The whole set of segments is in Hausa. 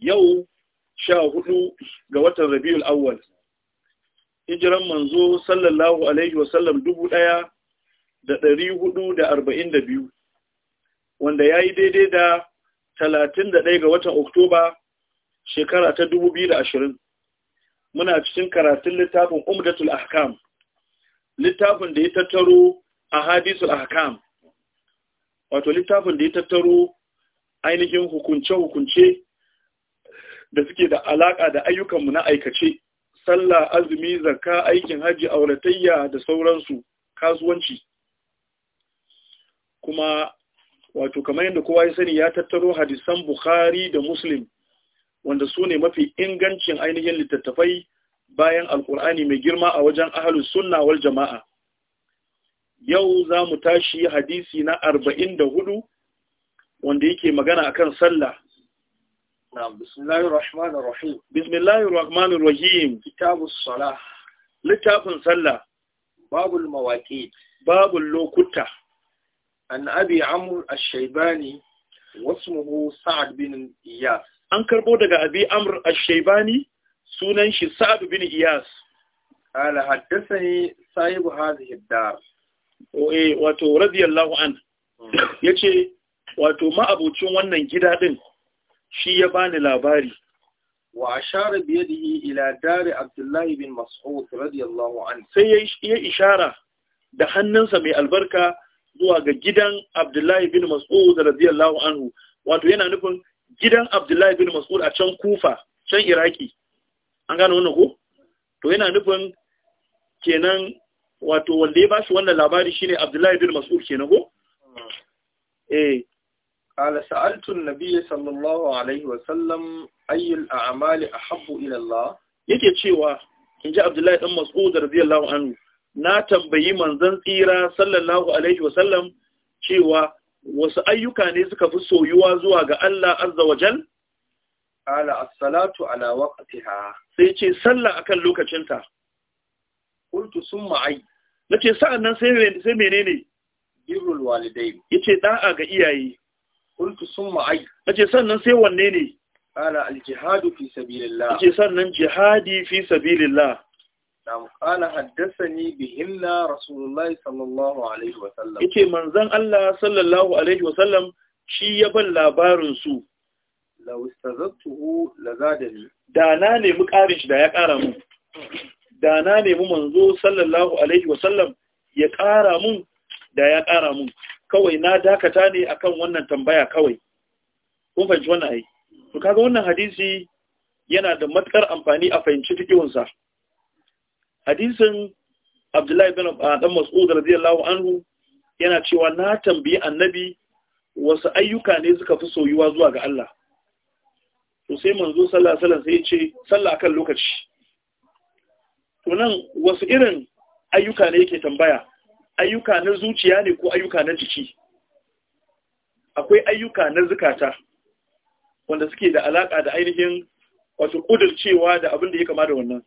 yau sha hudu ga watan rabiul awwal hijiran manzo sallallahu alaihi wasallam dubu daya da dari hudu da arba'in da biyu wanda ya yi daidai da talatin da ɗaya ga watan oktoba shekara ta dubu biyu da ashirin muna cikin karatun littafin umdatul ahkam littafin da ya tattaro a hadisul ahkam wato littafin da ya tattaro ainihin hukunce-hukunce da suke da alaka da ayyukanmu na aikace sallah azumi zakka aikin haji auratayya da sauransu kasuwanci kuma wato kamar yadda kowa ya sani ya tattaro hadisan bukhari da muslim wanda su ne mafi ingancin ainihin littattafai bayan alkur'ani mai girma a wajen ahalus sunna wal jama'a yau za mu tashi hadisi na arba'in da hudu wanda yake magana akan sallah نعم بسم الله الرحمن الرحيم بسم الله الرحمن الرحيم كتاب الصلاة لتاب صلى باب المواقيت باب اللوكتة عن أبي عمرو الشيباني an karbo daga abi amr ash-shaybani sunan shi sa'd bin iyas ala haddathani sahib hadhihi ad-dar o eh wato radiyallahu an hmm. yace wato ma'abucin wannan gida din shi ya bani labari wa ashara bi yadihi ila dari abdullahi bin mas'ud radiyallahu anhu sai ya ishara da hannunsa mai albarka zuwa ga gidan abdullahi bin mas'ud radiyallahu anhu wato yana nufin gidan abdullahi bin mas'ud a can kufa can iraki an gano wannan ko to yana nufin kenan wato wanda ya bashi wannan labari shine abdullahi bin mas'ud kenan ko hmm. eh قال سألت النبي صلى الله عليه وسلم أي الأعمال أحب إلى الله yake cewa in ji Abdullahi ɗan Mas'ud radiyallahu anhu na tambayi manzon tsira sallallahu alaihi wasallam cewa wasu ayyuka ne suka fi soyuwa zuwa ga Allah azza wajal ala as-salatu ala waqtiha sai ce sallah akan lokacinta qultu summa ai nace sa'annan sai sai menene birrul walidain yace da'a ga iyaye Kultu sun ma'ai. Ake sannan sai wanne ne? Ƙala aljihadu fi sabilillah. Ake sannan jihadi fi sabilillah. Nam ƙala haddasani bihinna Rasulullahi sallallahu alaihi wa wasallam. Ake manzon Allah sallallahu alaihi wa sallam shi ya ban labarin su. Lau istazattuhu lazadani. Da na nemi ƙarin shi da ya kara mun. Da na nemi manzo sallallahu alaihi wa sallam ya kara mun da ya kara mun. kawai na dakata ne akan wannan tambaya kawai kun fahimci wannan ai to kaga wannan hadisi yana da matukar amfani a fahimci cikin sa hadisin Abdullahi bin Adam ah, Mas'ud radiyallahu anhu yana cewa na tambayi annabi wasu ayyuka ne suka fi soyuwa zuwa ga Allah to sai manzo sallallahu alaihi wasallam sai ya ce sallah kan lokaci to nan wasu irin ayyuka ne yake tambaya ayyuka na zuciya ne ko ayyuka na jiki akwai ayyuka na zukata wanda suke da alaka da ainihin wato kudircewa da abin da ya kama da wannan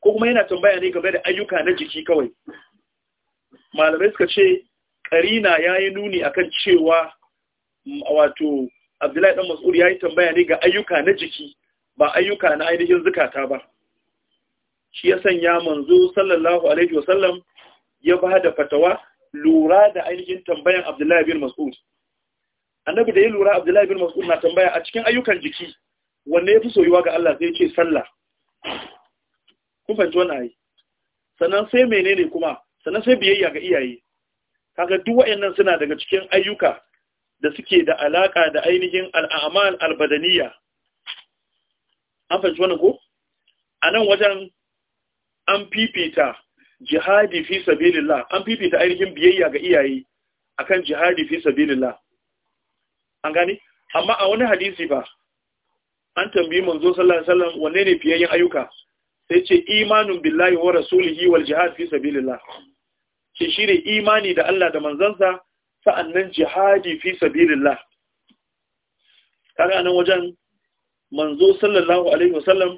ko kuma yana tambaya ne game da ayyuka na jiki kawai malamai suka ce karina ya yi nuni akan cewa mm, wato abdullahi dan mas'ud ya yi tambaya ne ga ayyuka na jiki ba ayyuka na ainihin zukata ba shi ya sanya manzo sallallahu alaihi wasallam ya ba da fatawa lura da ainihin tambayan Abdullahi bin Mas'ud annabi da ya lura Abdullahi bin Mas'ud na tambaya a cikin ayyukan jiki wanne ya fi soyuwa ga Allah sai ya ce sallah kun fahimci wannan ayi sannan sai menene kuma sannan sai biyayya ga iyaye kaga duk wayannan suna daga cikin ayyuka da suke da alaka da ainihin al'amal albadaniya an fahimci wannan ko a nan wajen an fifita jihadi fi sabilillah an fifita ainihin biyayya ga iyaye akan jihadi fi sabilillah an gani? amma a wani hadisi ba an tambayi manzo sallallahu alaihi wasallam wanne ne fiyayyen ayyuka sai ce imanun billahi wa rasulihi wal jihad fi sabilillah shi shine imani da Allah da manzansa sa'annan jihadi fi sabilillah kaga nan wajen manzo sallallahu alaihi wasallam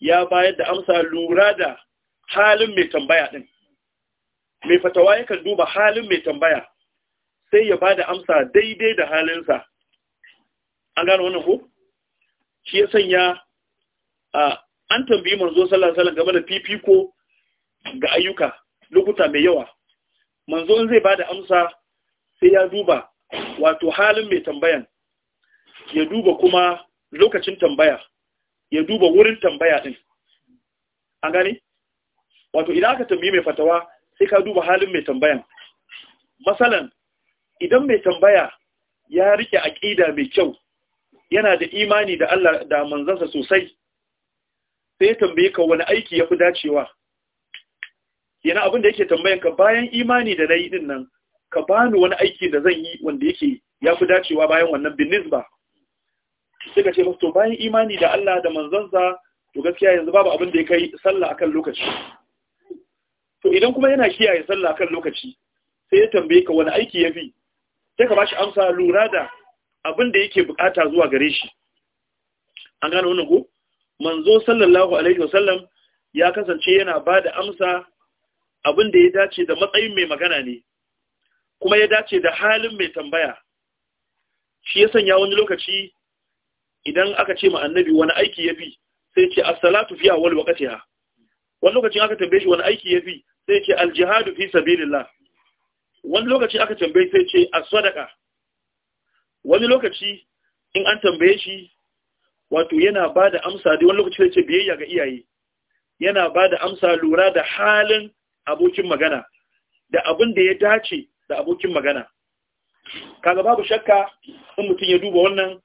ya bayar da amsa lura da halin mai tambaya ɗin, mai fatawa yakan duba halin mai tambaya sai ya bada amsa daidai da halinsa an gano wannan ko shi ya sanya A an tambayi manzo sallallahu game da fifiko ga ayyuka lokuta mai yawa manzo in zai bada amsa sai ya duba wato halin mai tambayan ya duba kuma lokacin tambaya ya duba wurin tambaya din an gani? wato idan aka tambayi mai fatawa sai ka duba halin mai tambayan masalan idan mai tambaya ya rike aqida mai kyau yana da imani da Allah da manzansa sosai sai ya tambaye ka wani aiki ya dacewa yana abin da yake tambayan ka bayan imani da na din nan ka bani wani aiki da zan yi wanda yake ya dacewa bayan wannan binnis ba sai ka ce to bayan imani da Allah da manzansa to gaskiya yanzu babu abin da ya kai sallah akan lokaci to idan kuma yana kiyaye sallah kan lokaci sai ya tambaye ka wani aiki ya fi sai ka ba shi amsa lura da abin da yake bukata zuwa gare shi an gane wannan ko manzo sallallahu alaihi wasallam ya kasance yana ba da amsa abin da ya dace da matsayin mai magana ne kuma ya dace da halin mai tambaya shi ya sanya wani lokaci idan aka ce ma annabi wani aiki ya fi sai ce Assalatu fi awwal waqtiha wani lokacin aka tambaye shi wani aiki ya fi sai ce aljihadu fi sabilillah wani lokaci aka tambaye sai ce as-sadaqa wani lokaci in an tambaye shi wato yana da amsa dai wani lokaci sai ce biyayya ga iyaye yana ba da amsa lura da halin abokin magana da abin da ya dace da abokin magana kaga babu shakka in mutum ya duba wannan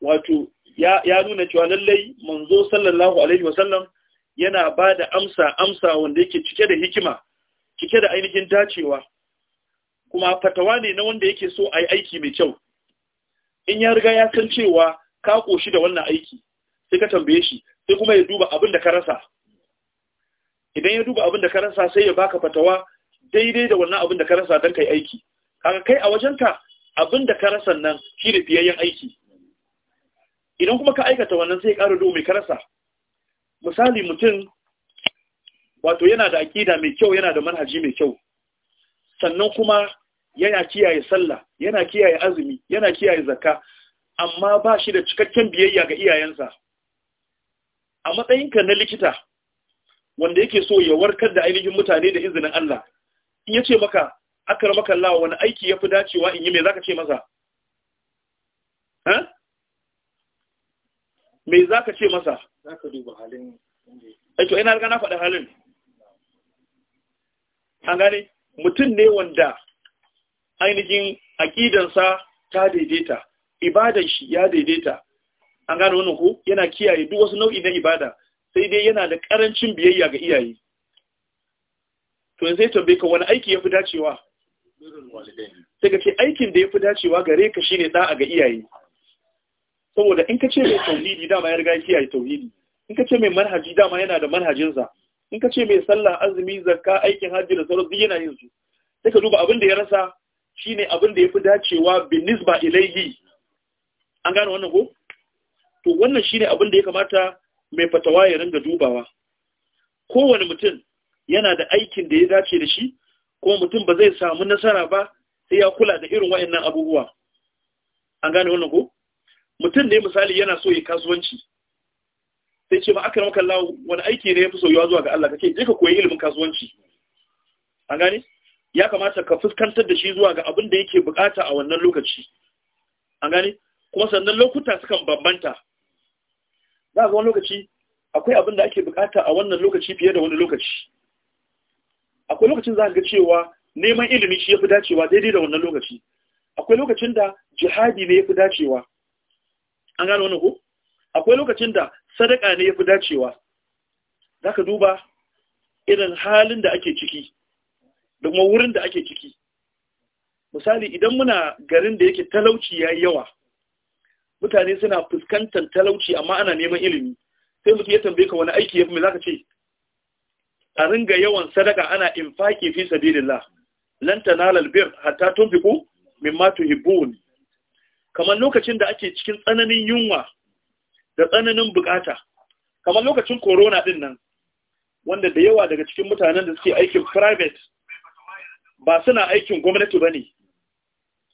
wato ya nuna cewa lallai manzo sallallahu alaihi wasallam yana ba da amsa amsa wanda yake cike da hikima cike da ainihin dacewa kuma fatawa ne na wanda yake so a yi aiki mai kyau in ya riga ya san cewa ka ƙoshi da wannan aiki sai ka tambaye shi sai kuma ya duba abin da ka rasa idan ya duba abin da ka rasa sai ya baka fatawa daidai da wannan abin da ka rasa don kai aiki kaga kai a wajenka abin da ka rasa nan shi da fiyayyen aiki idan kuma ka aikata wannan sai ya ƙara duba mai ka rasa misali mutum wato yana da aƙida mai kyau yana da manhaji mai kyau sannan kuma yana kiyaye sallah yana kiyaye azumi yana kiyaye zakka amma ba shi da cikakken biyayya ga iyayensa a matsayinka na likita wanda yake so ya warkar da ainihin mutane da izinin Allah in ya ce maka akar maka Allah wani aiki ya fi dacewa in yi mai zaka ce masa ha? za zaka ce masa za duba halin aiki eh, ina riga na faɗi halin an gane mutum ne wanda ainihin aƙidansa ta daidaita ibadan shi ya daidaita an gane wannan ko yana kiyaye duk wasu nau'i na ibada sai dai yana da ƙarancin biyayya ga iyaye to sai tambaye ka wani aiki ya fi dacewa sai ka ce aikin da ya fi dacewa gare ka shine da'a ga iyaye saboda in ka ce mai tauhidi dama ya riga kiyaye tauhidi in ka ce mai manhaji dama yana da manhajinsa in ka ce mai sallah azumi zakka aikin haji da sauran duk yana yin su sai ka duba abin da ya rasa shine abin da yafi dacewa bin nisba ilaihi an gane wannan ko to wannan shine abin da ya kamata mai fatawa ya ringa dubawa kowane mutum yana da aikin da ya dace da shi kuma mutum ba zai samu nasara ba sai ya kula da irin wa'annan abubuwa an gane wannan ko mutum ne misali yana so ya kasuwanci sai ce ba aka ramka Allah wani aiki ne ya fi soyuwa zuwa ga Allah kake je ka koyi ilimin kasuwanci an gane ya kamata ka fuskantar da shi zuwa ga abin da yake bukata a wannan lokaci an gane kuma sannan lokuta sukan bambanta za ga wani lokaci akwai abin da ake bukata a wannan lokaci fiye da wani lokaci akwai lokacin za ga cewa neman ilimi shi ya fi dacewa daidai da wannan lokaci akwai lokacin da jihadi ne ya fi dacewa an gane wani ko akwai lokacin da sadaka ne ya fi dacewa zaka duba irin halin da ake ciki da kuma wurin da ake ciki misali idan muna garin da yake talauci yayi yawa mutane suna fuskantar talauci amma ana neman ilimi sai mutum ya tambaye ka wani aiki yafi me zaka ce a ringa yawan sadaka ana infaki fi sabilillah lan na albir hatta tunfiqu mimma tuhibbun kamar lokacin da ake cikin tsananin yunwa da tsananin bukata kamar lokacin corona din nan wanda da yawa daga cikin mutanen da suke aikin private ba suna aikin gwamnati ba ne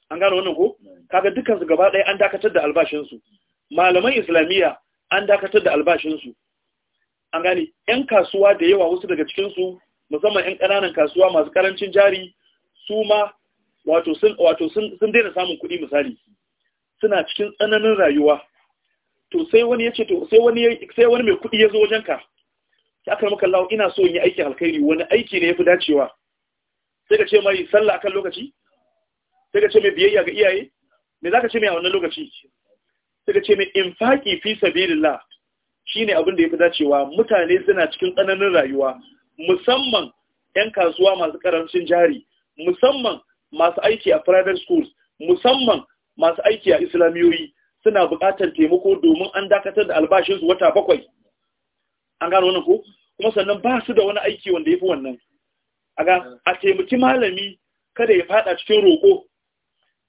an gano wannan ko kaga su gaba ɗaya an dakatar da albashinsu malaman islamiyya an dakatar da albashinsu an gane 'yan kasuwa da yawa wasu daga cikinsu musamman 'yan ƙananan kasuwa masu ƙarancin jari su ma wato sun daina samun kuɗi misali suna cikin tsananin rayuwa to sai wani ce to sai wani mai kudi yazo wajen ka sai aka maka Allah ina so in yi aiki alkhairi wani aiki ne ya fi dacewa sai ka ce mai sallah akan lokaci sai ka ce mai biyayya ga iyaye me zaka ce mai a wannan lokaci sai ka ce mai infaqi fi sabilillah shine abin da ya fi dacewa mutane suna cikin tsananin rayuwa musamman yan kasuwa masu karancin jari musamman masu aiki a private schools musamman masu aiki a islamiyoyi suna buƙatar taimako domin an dakatar da albashinsu wata bakwai an gano wannan ko kuma sannan ba su da wani aiki wanda ya fi wannan a taimaki malami kada ya fada cikin roƙo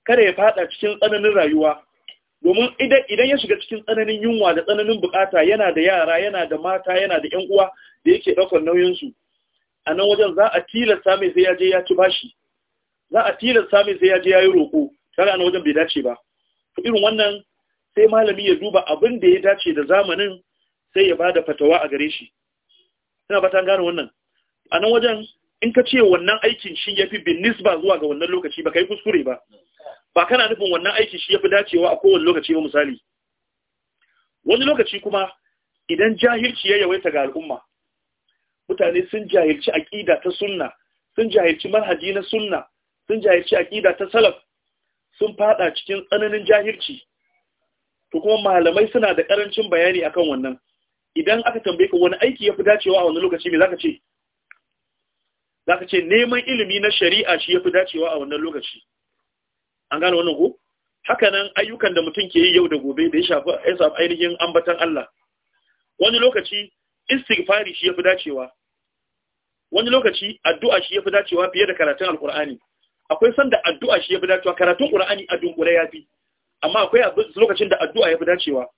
kada ya fada cikin tsananin rayuwa domin idan ya shiga cikin tsananin yunwa da tsananin bukata yana da yara yana da mata yana da 'yan uwa da yake ɗaukar nauyinsu a nan wajen za a tilasta mai sai ya je ya ci bashi za a tilasta mai sai ya je ya yi roƙo kaga a nan wajen bai dace ba irin wannan sai malami ya duba abin da ya dace da zamanin sai ya bada fatawa a gare shi ina ta gane wannan a nan wajen in ka ce wannan aikin shi yafi bin nisba zuwa ga wannan lokaci ba kai kuskure ba ba kana nufin wannan aikin shi yafi dacewa a kowane lokaci ba misali wani lokaci kuma idan jahilci ya yawaita ga al'umma mutane sun jahilci aqida ta sunna sun jahilci manhaji na sunna sun jahilci aqida ta salaf sun fada cikin tsananin jahilci to kuma malamai suna da karancin bayani akan wannan idan aka tambaye ka wani aiki ya fi dacewa a wani lokaci me zaka ce zaka ce neman ilimi na shari'a shi ya fi dacewa a wannan lokaci an gane wannan ko haka nan ayyukan da mutum ke yi yau da gobe da ya shafi ainihin ambatan Allah wani lokaci istighfari shi ya fi dacewa wani lokaci addu'a shi ya fi dacewa fiye da karatun alkur'ani akwai sanda addu'a shi ya fi dacewa karatun ƙur'ani a dunkure yafi amma akwai lokacin da addu'a ya fi dacewa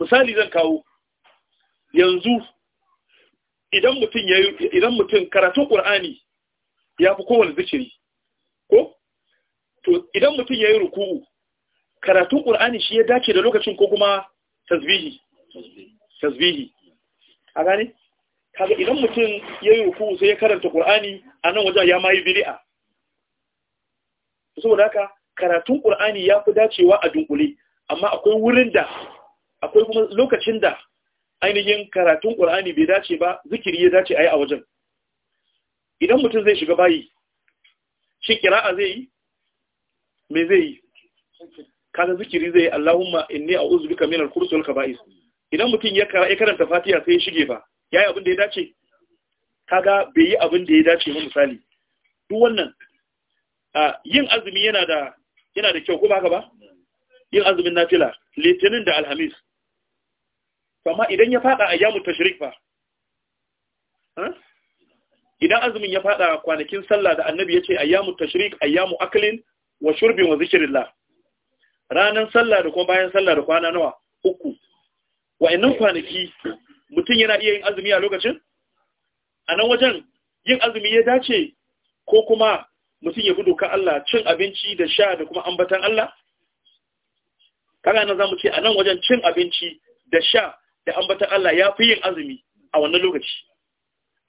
misali zan kawo yanzu idan mutum ya idan mutum karatun ƙur'ani ya fi kowane zikiri ko to idan mutum ya yi ruku'u karatun ƙur'ani shi ya dace da lokacin ko kuma tasbihi tasbihi a gane kaga idan mutum ya yi ruku'u sai ya karanta ƙur'ani a nan wajen ya yi bid'a saboda haka karatun ƙur'ani ya fi dacewa a dunkule amma akwai wurin da akwai kuma lokacin da ainihin karatun Qur'ani bai dace ba zikiri ya dace ayi a wajen idan mutum zai shiga bayi shi kira'a zai yi me zai yi kaga zikiri zai yi Allahumma inni a'udhu bika minal khubuthi wal kaba'is idan mutum ya karanta Fatiha sai ya shige fa yayi abin da ya dace kaga bai yi abin da ya dace ba misali duk wannan yin azumi yana da yana da kyau ko ba ka ba yin azumin nafila litinin da alhamis amma idan ya fada ayyamu tashrik fa eh? idan azumin ya fada kwanakin sallah da annabi ya yace ayyamu tashrik ayyamu aklin wa shurbin wa zikrillah ranan sallah da kuma bayan sallah da kwana nawa uku wa'annan kwanaki mutum yana iya yin azumi a lokacin a nan wajen yin azumi ya dace ko kuma mutum ya gudu doka Allah cin abinci da sha da kuma ambatan Allah kaga nan mu ce a nan wajen cin abinci da sha da ambatan Allah ya fi yin azumi a wannan lokaci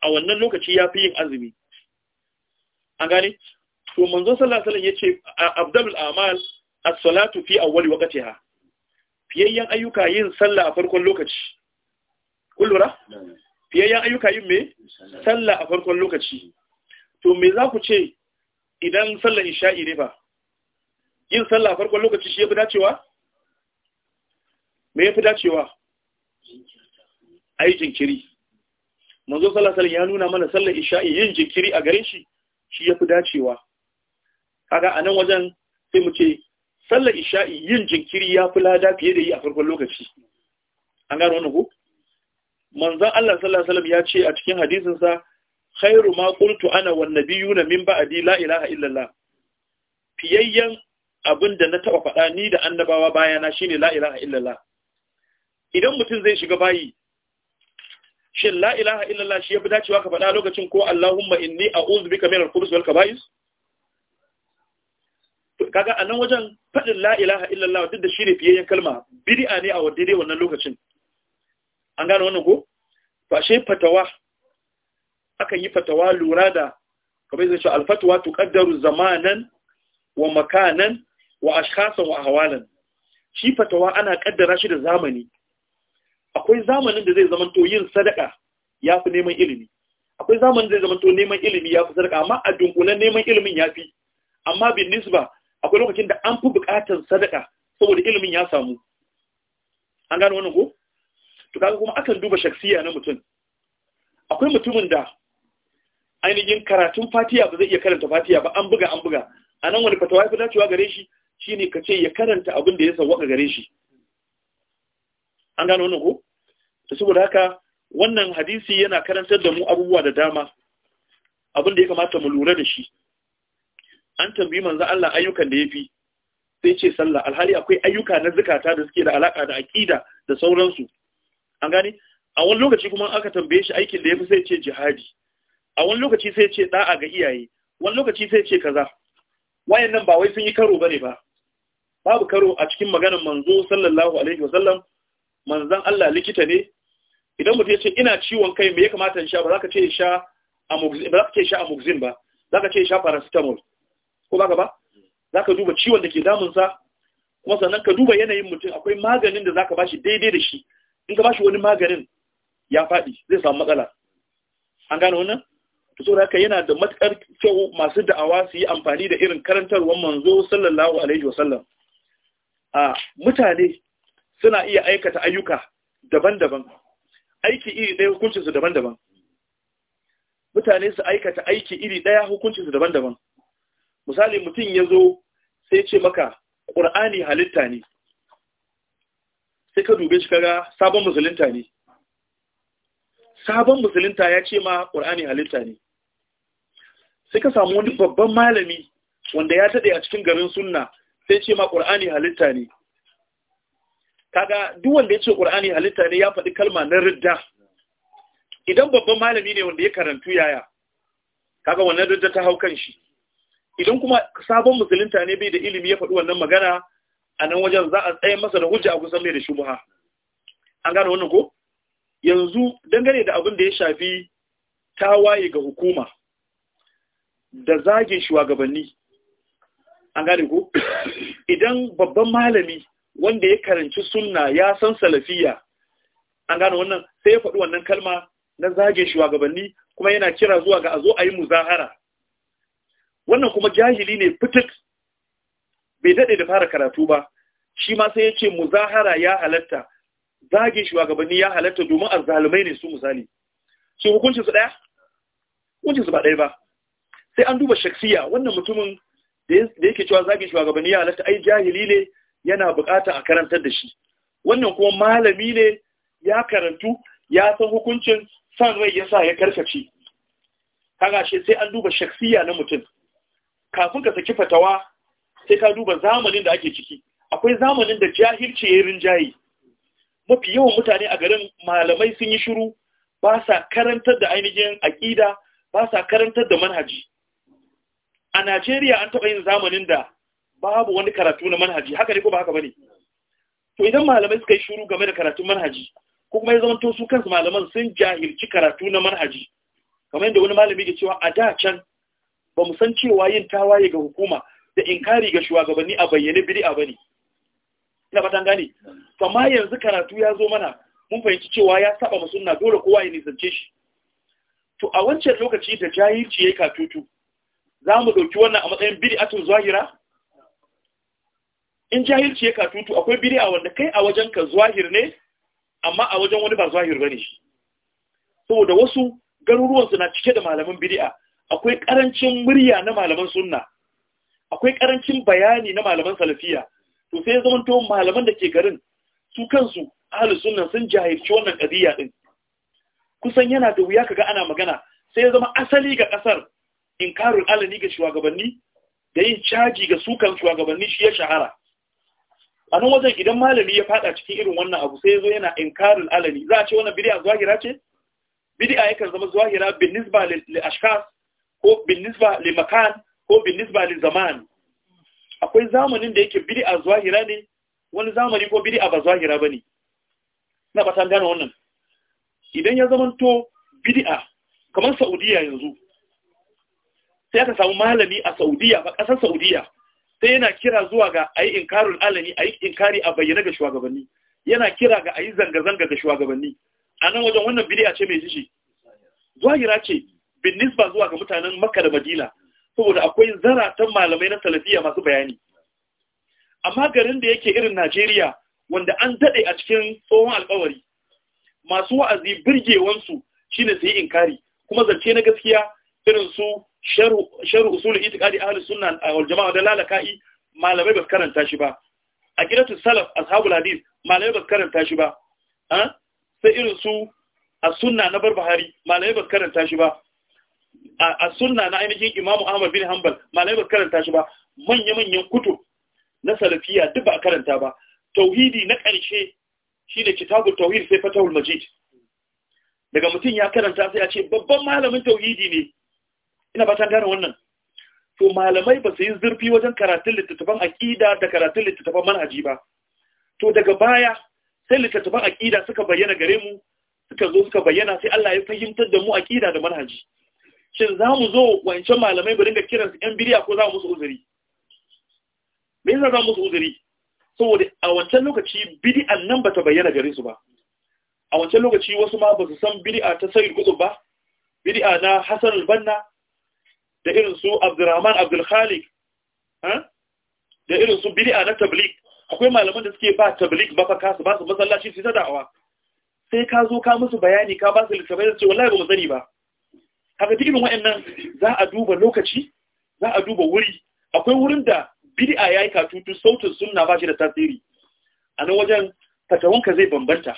a wannan lokaci ya fi yin azumi an gane to manzo sallallahu alaihi wasallam yace abdul amal as-salatu fi awwali waqtiha fiyayyen ayyuka yin sallah a farkon lokaci kullura fiyayyen ayyuka yin me sallah a farkon lokaci to me za ku ce idan sallar isha'i ne ba yin sallah farkon lokaci shi ya fi dacewa? me ya fi dacewa? a yi jinkiri manzo sallar ya nuna mana sallar isha'i yin jinkiri a gare shi shi ya fi dacewa kaga a nan wajen sai mu ce sallar isha'i yin jinkiri ya fi lada fiye da yi a farkon lokaci an gano wani ku? manzan Allah sallar sallar ya ce a cikin hadisinsa khairu ma qultu ana wan nabiyuna min ba'di la ilaha illallah fiyayyan abinda na taba faɗa ni da annabawa bayana shine la ilaha illallah idan mutum zai shiga bayi shin la ilaha illallah shi yafi dacewa ka faɗa lokacin ko Allahumma inni a'udhu bika al-khubuth wal kaba'is kaga a nan wajen faɗin la ilaha illallah duk da shine fiyayyen kalma bid'a ne a wadde wannan lokacin an gane wannan ko fashe fatawa akan yi fatawa lura da kamar zai ce tu kaddaru zamanan wa makanan wa ashkhasan wa ahwalan shi fatawa ana kaddara shi da zamani akwai zamanin da zai zamanto yin sadaka yafi neman ilimi akwai zamanin da zai zamanto neman ilimi yafi sadaka amma a dunkulan neman ilimin yafi amma bin nisba akwai lokacin da an fi bukatar sadaka saboda ilimin ya samu an gano wannan ko to kaga kuma akan duba shaksiya na mutum akwai mutumin da ainihin karatun fatiya ba zai iya karanta fatiya ba an buga an buga a nan wani fatawa ya fi dacewa gare shi shi ne ka ce ya karanta abin da ya sauwaka gare shi an gano wannan ko ta saboda haka wannan hadisi yana karantar da mu abubuwa da dama abin da ya kamata mu lura da shi an tambayi manzo Allah ayyukan da ya fi. sai ce sallah alhali akwai ayyuka na zakata da suke da alaka da aqida da sauransu an gane a wani lokaci kuma aka tambaye shi aikin da ya fi sai ce jihadi a wani lokaci sai ce da'a ga iyaye wani lokaci sai ce kaza wayan nan ba wai sun yi karo bane ba babu karo a cikin maganar manzo sallallahu alaihi wasallam manzon Allah likita ne idan mutum ya ce ina ciwon kai me ya kamata in sha ba zaka ce in sha amoxicillin ba zaka ce sha amoxicillin ba zaka ce sha paracetamol ko baka ba zaka duba ciwon da ke damun sa kuma sannan ka duba yanayin mutum akwai maganin da zaka bashi daidai da shi in ka bashi wani maganin ya faɗi zai samu matsala an gane wannan saboda haka yana da matukar kyau masu da'awa su yi amfani da irin karantarwar manzo sallallahu alaihi wasallam a mutane suna iya aikata ayyuka daban-daban aiki iri ɗaya hukuncinsu daban-daban mutane su aikata aiki iri ɗaya hukuncinsu daban-daban misali mutum ya zo sai ce maka ƙur'ani halitta ne sai ka dube shi kaga sabon musulunta ne sabon musulunta ya ce ma ƙur'ani halitta ne sai ka samu wani babban malami wanda ya daɗe a cikin garin sunna sai ce ma ƙur'ani halitta ne kaga duk wanda ya ce ƙur'ani halitta ne ya faɗi kalma na ridda idan babban malami ne wanda ya karantu yaya kaga wannan ridda ta hau kan shi idan kuma sabon musulunta ne bai da ilimi ya faɗi wannan magana a nan wajen za a tsaye masa da hujja a kusan mai da shubuha an gane wannan ko yanzu dangane da abin da ya shafi tawaye ga hukuma da zagin shugabanni an gane ku? idan babban malami wanda ya karanci sunna ya san salafiya an gane wannan sai ya faɗi wannan kalma na zagin shugabanni kuma yana kira zuwa ga a zo a yi muzahara wannan kuma jahili ne fitik bai daɗe da fara karatu ba shi ma sai ya ce muzahara ya halatta zagin shugabanni ya halatta domin azzalumai ne su misali shi hukuncinsu ɗaya? hukuncinsu ba ɗaya ba sai an duba shaksiya wannan mutumin da yake cewa zaɓin shugabanni ya halatta ai jahili ne yana bukata a karantar da shi wannan kuma malami ne ya karantu ya san hukuncin san rai ya sa ya karkace kaga shi sai an duba shaksiya na mutum kafin ka saki fatawa sai ka duba zamanin da ake ciki akwai zamanin da jahilci ya rinjaye mafi yawan mutane a garin malamai sun yi shiru ba sa karantar da ainihin aƙida ba sa karantar da manhaji a Najeriya an taɓa yin zamanin da babu wani karatu na manhaji haka ne ko ba haka bane to idan malamai suka yi shuru game da karatun manhaji ko kuma ya zama to su kansu malaman sun jahilci karatu na manhaji kamar yadda wani malami ke cewa a da can ba mu san cewa yin tawaye ga hukuma da inkari ga shugabanni a bayyane bid'a bane ina fatan gane amma yanzu karatu ya zo mana mun fahimci cewa ya saba mu sunna dole kowa ya nisance shi to a wancan lokaci da jahilci yi katutu za mu ɗauki wannan a matsayin bid'atun zahira in jahilci ya katutu akwai biri'a wanda kai a wajen ka zahir ne amma a wajen wani ba zahir bane shi saboda wasu garuruwan suna na cike da malaman biri'a akwai karancin murya na malaman sunna akwai karancin bayani na malaman salafiya to sai zaman to malaman da ke garin su kansu ahli sunna sun jahilci wannan kadiya din kusan yana da wuya kaga ana magana sai zama asali ga kasar inkarul alani ga shugabanni da yin caji ga sukan shugabanni shi ya shahara a nan wajen idan malami ya fada cikin irin wannan abu sai zo yana inkarul alani za a ce wannan bid'a zahira ce bid'a yakan zama zahira bin nisba li ashkhas ko bin nisba li makan ko bin nisba li zaman akwai zamanin da yake bid'a zahira ne wani zamani ko bid'a ba zahira bane na ba san gane wannan idan ya zamanto bid'a kamar Saudiya yanzu sai aka samu malami a saudiya ba ƙasar saudiya sai yana kira zuwa ga a yi inkarul alani a yi inkari a bayyana ga shugabanni yana kira ga a yi zanga-zanga ga shugabanni a nan wajen wannan bidiya ce mai jishi zuwa ce bin nisba zuwa ga mutanen makka da madina saboda akwai zaratan malamai na talafiya masu bayani amma garin da yake irin najeriya wanda an daɗe a cikin tsohon alkawari masu wa'azi birgewansu shine su yi inkari kuma zance na gaskiya irin su sharu usulul itikadi ahlus sunna wal jamaa da lalaka'i malamai ba karanta shi ba a gidatu salaf ashabul hadith malamai ba karanta shi ba ah? sai irin su a sunna na barbahari malamai ba karanta shi ba a sunna na ainihin imamu ahmad bin hanbal malamai ba karanta shi ba manya-manyan kutu na salafiya duk ba a karanta ba tauhidi na karshe shine ne tauhid sai fatahul majid daga mutum ya karanta sai a ce babban malamin tauhidi ne ina ba ta gane wannan to malamai ba su yi zurfi wajen karatun littattafan aƙida da karatun littattafan manhaji ba to daga baya sai littattafan aƙida suka bayyana gare mu suka zo suka bayyana sai Allah ya fahimtar da mu aƙida da manhaji shin za mu zo wancan malamai ba dinga kiransu yan biriya ko za mu musu uzuri me yasa za mu musu uzuri saboda a wancan lokaci bid'an nan ba ta bayyana gare su ba a wancan lokaci wasu ma ba su san bid'a ta sayyid kutub ba bid'a na hasan al-banna da irin su abdurrahman abdulkhalik da irin su bid'a na tabligh akwai malaman da suke ba tabligh ba fa kasu ba su masallaci su ta da'awa sai ka zo ka musu bayani ka ba su littafai da ce wallahi ba mu ba haka duk irin wa'annan za a duba lokaci za a duba wuri akwai wurin da bid'a yayi katutu sautin sunna ba shi da tasiri a nan wajen fatawanka zai bambanta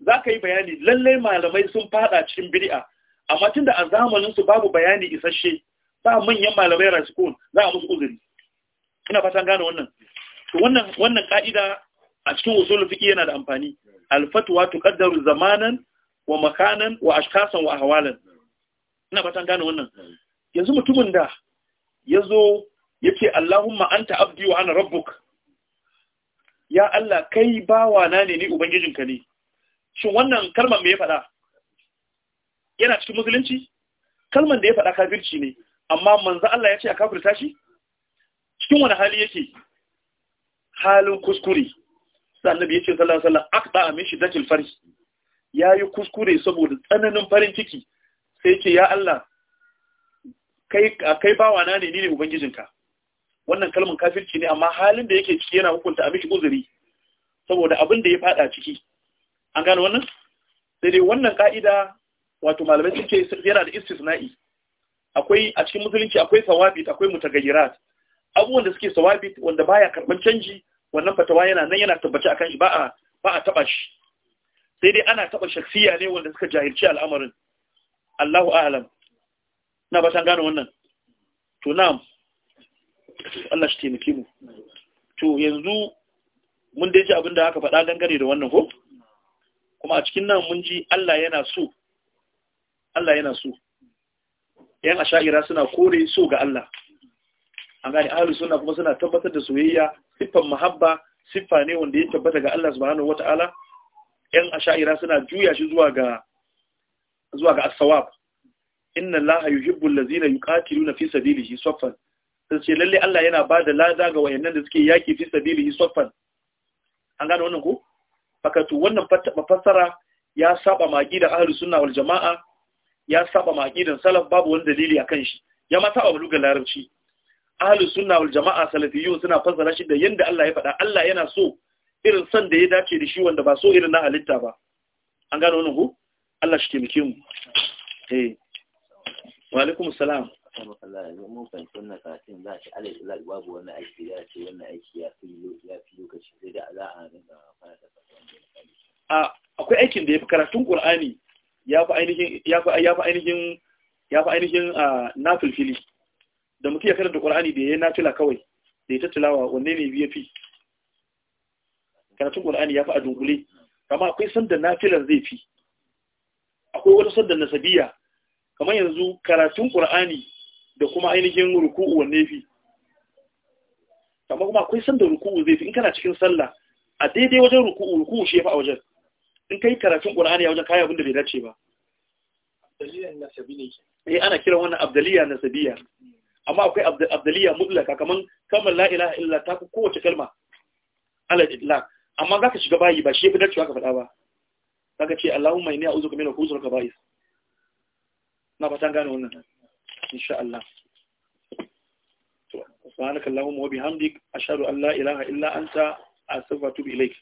za ka yi bayani lallai malamai sun fada cikin bid'a amma tunda a zamanin su babu bayani isasshe ba manyan malamai rasikun za a musu uzuri ina fatan gane wannan to wannan wannan ka'ida a cikin usul fiqh yana da amfani al fatwa tuqaddaru zamanan wa makanan wa ashkasan wa ahwalan ina fatan gane wannan yanzu mutumin da yazo ce Allahumma anta abdi wa ana rabbuk ya Allah kai bawa na ne ni ubangijinka ne shin wannan kalmar me ya faɗa yana cikin musulunci kalmar da ya faɗa kafirci ne amma manzo Allah ya ce a kafirta shi cikin wani hali yake halin kuskure sannabi ya ce sallallahu alaihi wasallam aqda min shiddatil Ya yayi kuskure saboda tsananin farin ciki sai ce ya Allah kai kai bawana ne ni ne ubangijinka wannan kalmar kafirci ne amma halin da yake ciki yana hukunta a mishi uzuri saboda abin da ya fada ciki an gane wannan sai dai wannan ka'ida wato malamai suke yana da istisna'i akwai a cikin musulunci akwai sawabit akwai mutagayyirat abubuwan da suke sawabit wanda baya karban canji wannan fatawa yana nan yana tabbaci akan shi ba a ba a taba shi sai dai ana taba shaksiya ne wanda suka jahilci al'amarin Allahu a'lam na ba san gano wannan to na'am Allah shi taimake mu to yanzu mun dai ji abin da aka faɗa dangane da wannan ko kuma a cikin nan mun ji Allah yana so Allah yana so yan asha'ira suna kore so ga Allah an gani ahlus sunna kuma suna tabbatar da soyayya siffan muhabba siffa ne wanda ya tabbata ga Allah subhanahu wataala yan asha'ira suna juya shi zuwa ga zuwa ga as-sawab inna allaha yuhibbul ladzina yuqatiluna fi sabilihi saffan sai ce lalle Allah yana bada lada ga wayannan da suke yaki fi sabilihi saffan an gani wannan ko fakatu wannan fassara ya saba magi da ahlus sunna wal jama'a ya saba ma salaf babu wani dalili a kan shi ya ma saba ga larabci ahli sunna wal jama'a salafiyun suna fassara shi da yanda Allah ya faɗa Allah yana so irin san da ya dace da shi wanda ba so irin na halitta ba an gano wannan ku Allah shi taimake mu eh wa alaikum salam Allah ya mun fahimci wannan karatun za a ci alai ilal babu wani aiki ya ce wannan aiki ya fi ya fi lokaci sai da za a rinka fara da a akwai aikin da ya fi karatun Qur'ani ya fi ainihin ya fi ainihin ah, nafil fili da mutum ya da Qur'ani da ya nafila kawai da ya tattalawa wanne ne biya fi karatun Qur'ani ya fi a dunkule kama akwai sanda nafilar zai fi akwai wata sanda nasabiya kama yanzu karatun Qur'ani da kuma ainihin ruku'u wanne fi kama kuma akwai sanda ruku'u zai fi in kana cikin sallah a daidai wajen ruku'u ruku'u shi ya fi a wajen in kai karatun qur'ani a wajen kai abin da bai dace ba abdaliyan nasabi eh ana kiran wannan abdaliya nasabiya amma akwai abdaliya mutlaka kaman kamar la ilaha illa ta kowace kalma ala idlaq amma zaka shiga bayi ba shi yafi dacewa ka faɗa ba zaka ce Allahumma inni a'udhu min al-khuzur kaba'is na fatan gane wannan insha Allah to subhanakallahumma wa bihamdik ashhadu an la ilaha illa anta astaghfiruka wa atubu ilaik